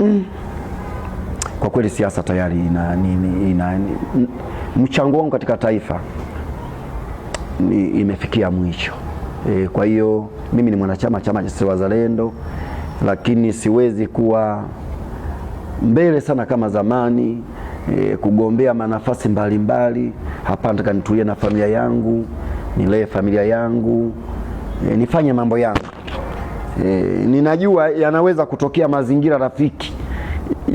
mm. Kwa kweli siasa tayari ina, ina, ina, mchango wangu katika taifa ni, imefikia mwisho e, kwa hiyo mimi ni mwanachama chama cha ACT Wazalendo, lakini siwezi kuwa mbele sana kama zamani e, kugombea manafasi mbalimbali. hapa. nataka nitulie na familia yangu, nilee familia yangu e, nifanye mambo yangu. E, ninajua yanaweza kutokea mazingira rafiki,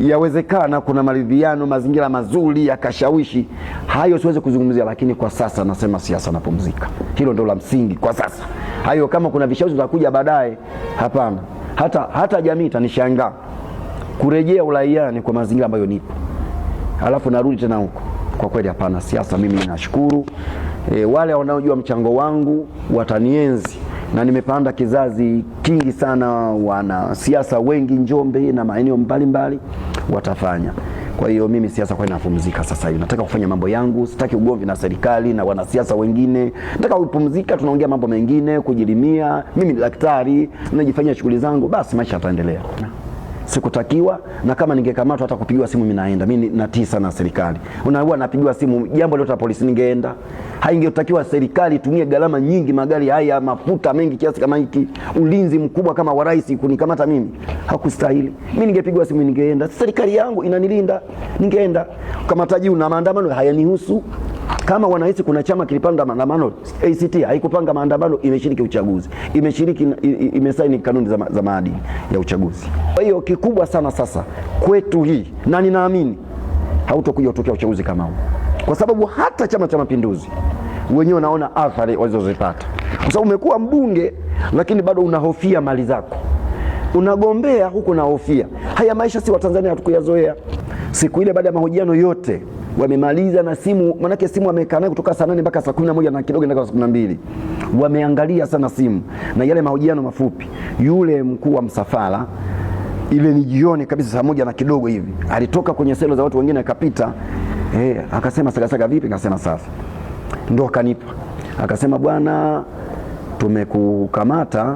yawezekana kuna maridhiano, mazingira mazuri yakashawishi hayo, siwezi kuzungumzia, lakini kwa sasa nasema siasa napumzika. Hilo ndio la msingi kwa sasa. Hayo kama kuna vishawishi vitakuja baadaye, hapana. Hata, hata jamii itanishangaa kurejea uraiani kwa mazingira ambayo nipo, alafu narudi tena huko. Kwa kweli hapana, siasa mimi nashukuru. E, wale wanaojua mchango wangu watanienzi na nimepanda kizazi kingi sana wanasiasa wengi Njombe na maeneo mbalimbali watafanya. Kwa hiyo mimi siasa kwa napumzika sasa hivi, nataka kufanya mambo yangu, sitaki ugomvi na serikali na wanasiasa wengine, nataka kupumzika, tunaongea mambo mengine, kujilimia. Mimi ni daktari, najifanyia shughuli zangu, basi maisha yataendelea sikutakiwa, na kama ningekamatwa hata kupigiwa simu mimi naenda. Mimi natii sana serikali, unaua napigiwa simu jambo lolote polisi ningeenda. Haingetakiwa serikali itumie gharama nyingi, magari haya, mafuta mengi kiasi kama hiki, ulinzi mkubwa kama wa rais kunikamata mimi, hakustahili. Mimi ningepigwa simu ningeenda, serikali yangu inanilinda, ningeenda. Ukamataji na maandamano hayanihusu. Kama wanahisi kuna chama kilipanga maandamano, ACT haikupanga maandamano, imeshiriki uchaguzi, imeshiriki, imesaini kanuni za, za maadili ya uchaguzi. Kwa hiyo kikubwa sana sasa kwetu hii, na ninaamini hautokuja kutokea uchaguzi kama huu, kwa sababu hata Chama cha Mapinduzi wenyewe wanaona athari walizozipata, kwa sababu umekuwa mbunge lakini bado unahofia mali zako, unagombea huku unahofia haya maisha. Si Watanzania hatukuyazoea. Siku ile baada ya mahojiano yote wamemaliza na simu, manake simu wamekaa nayo kutoka saa nane mpaka saa kumi na moja na kidogo mpaka saa kumi na mbili wameangalia sana simu na yale mahojiano mafupi. Yule mkuu wa msafara ile ni jioni kabisa, saa moja na kidogo hivi alitoka kwenye selo za watu wengine akapita, eh, akasema Sagasaga, vipi? Akasema safi, ndo akanipa akasema, bwana tumekukamata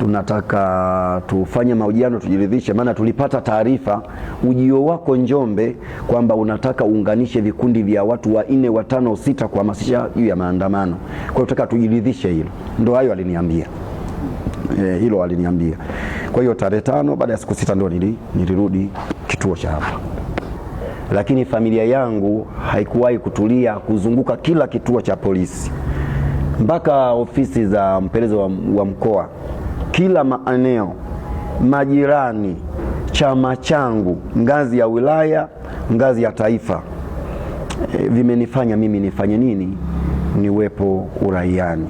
tunataka tufanye mahojiano tujiridhishe, maana tulipata taarifa ujio wako Njombe kwamba unataka uunganishe vikundi vya watu wanne, watano, sita kuhamasisha juu ya maandamano. Kwa hiyo tunataka tujiridhishe hilo, ndo hayo aliniambia. E, hilo aliniambia. Kwa hiyo tarehe tano baada ya siku sita ndio nili, nilirudi kituo cha hapa, lakini familia yangu haikuwahi kutulia kuzunguka kila kituo cha polisi mpaka ofisi za mpelelezi wa, wa mkoa kila maeneo, majirani, chama changu, ngazi ya wilaya, ngazi ya taifa, e, vimenifanya mimi nifanye nini, niwepo uraiani.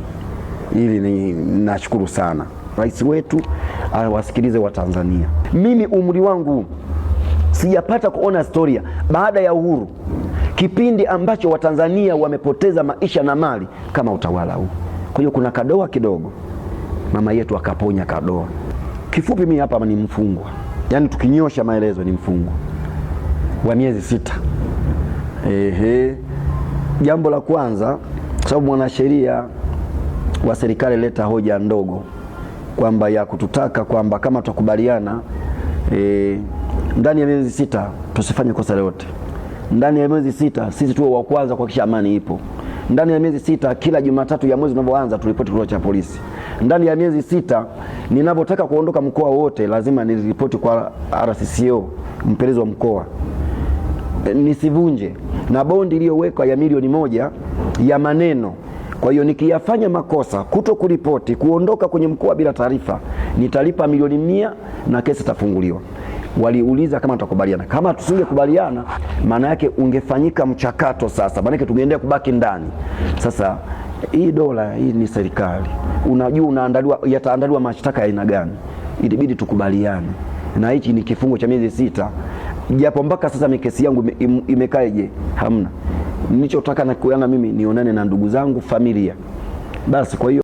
Ili ni nashukuru sana rais wetu awasikilize Watanzania. Mimi umri wangu sijapata kuona historia baada ya uhuru, kipindi ambacho Watanzania wamepoteza maisha na mali kama utawala huu. Kwa hiyo kuna kadoa kidogo mama yetu akaponya kadoa. Kifupi mimi hapa ni mfungwa, yaani tukinyosha maelezo ni mfungwa wa miezi sita. Ehe, jambo la kwanza, sababu mwanasheria wa serikali leta hoja ndogo kwamba ya kututaka kwamba kama tutakubaliana e, ndani ya miezi sita tusifanye kosa lolote, ndani ya miezi sita sisi tuwe wa kwanza kuhakikisha amani ipo, ndani ya miezi sita kila Jumatatu ya mwezi unavyoanza tulipoti kituo cha polisi ndani ya miezi sita ninapotaka kuondoka mkoa wote lazima niliripoti kwa RCCO mpelezi wa mkoa nisivunje, na bondi iliyowekwa ya milioni moja ya maneno. Kwa hiyo nikiyafanya makosa, kuto kuripoti, kuondoka kwenye mkoa bila taarifa, nitalipa milioni mia na kesi itafunguliwa. Waliuliza kama tutakubaliana. Kama tusingekubaliana, maana yake ungefanyika mchakato sasa, yake tungeendelea kubaki ndani sasa hii dola hii ni serikali, unajua unaandaliwa, yataandaliwa mashtaka ya aina gani? Ilibidi tukubaliane na hichi ni kifungo cha miezi sita, japo mpaka sasa mikesi yangu imekaeje, hamna. Nilichotaka na kuana mimi nionane na ndugu zangu familia, basi kwa hiyo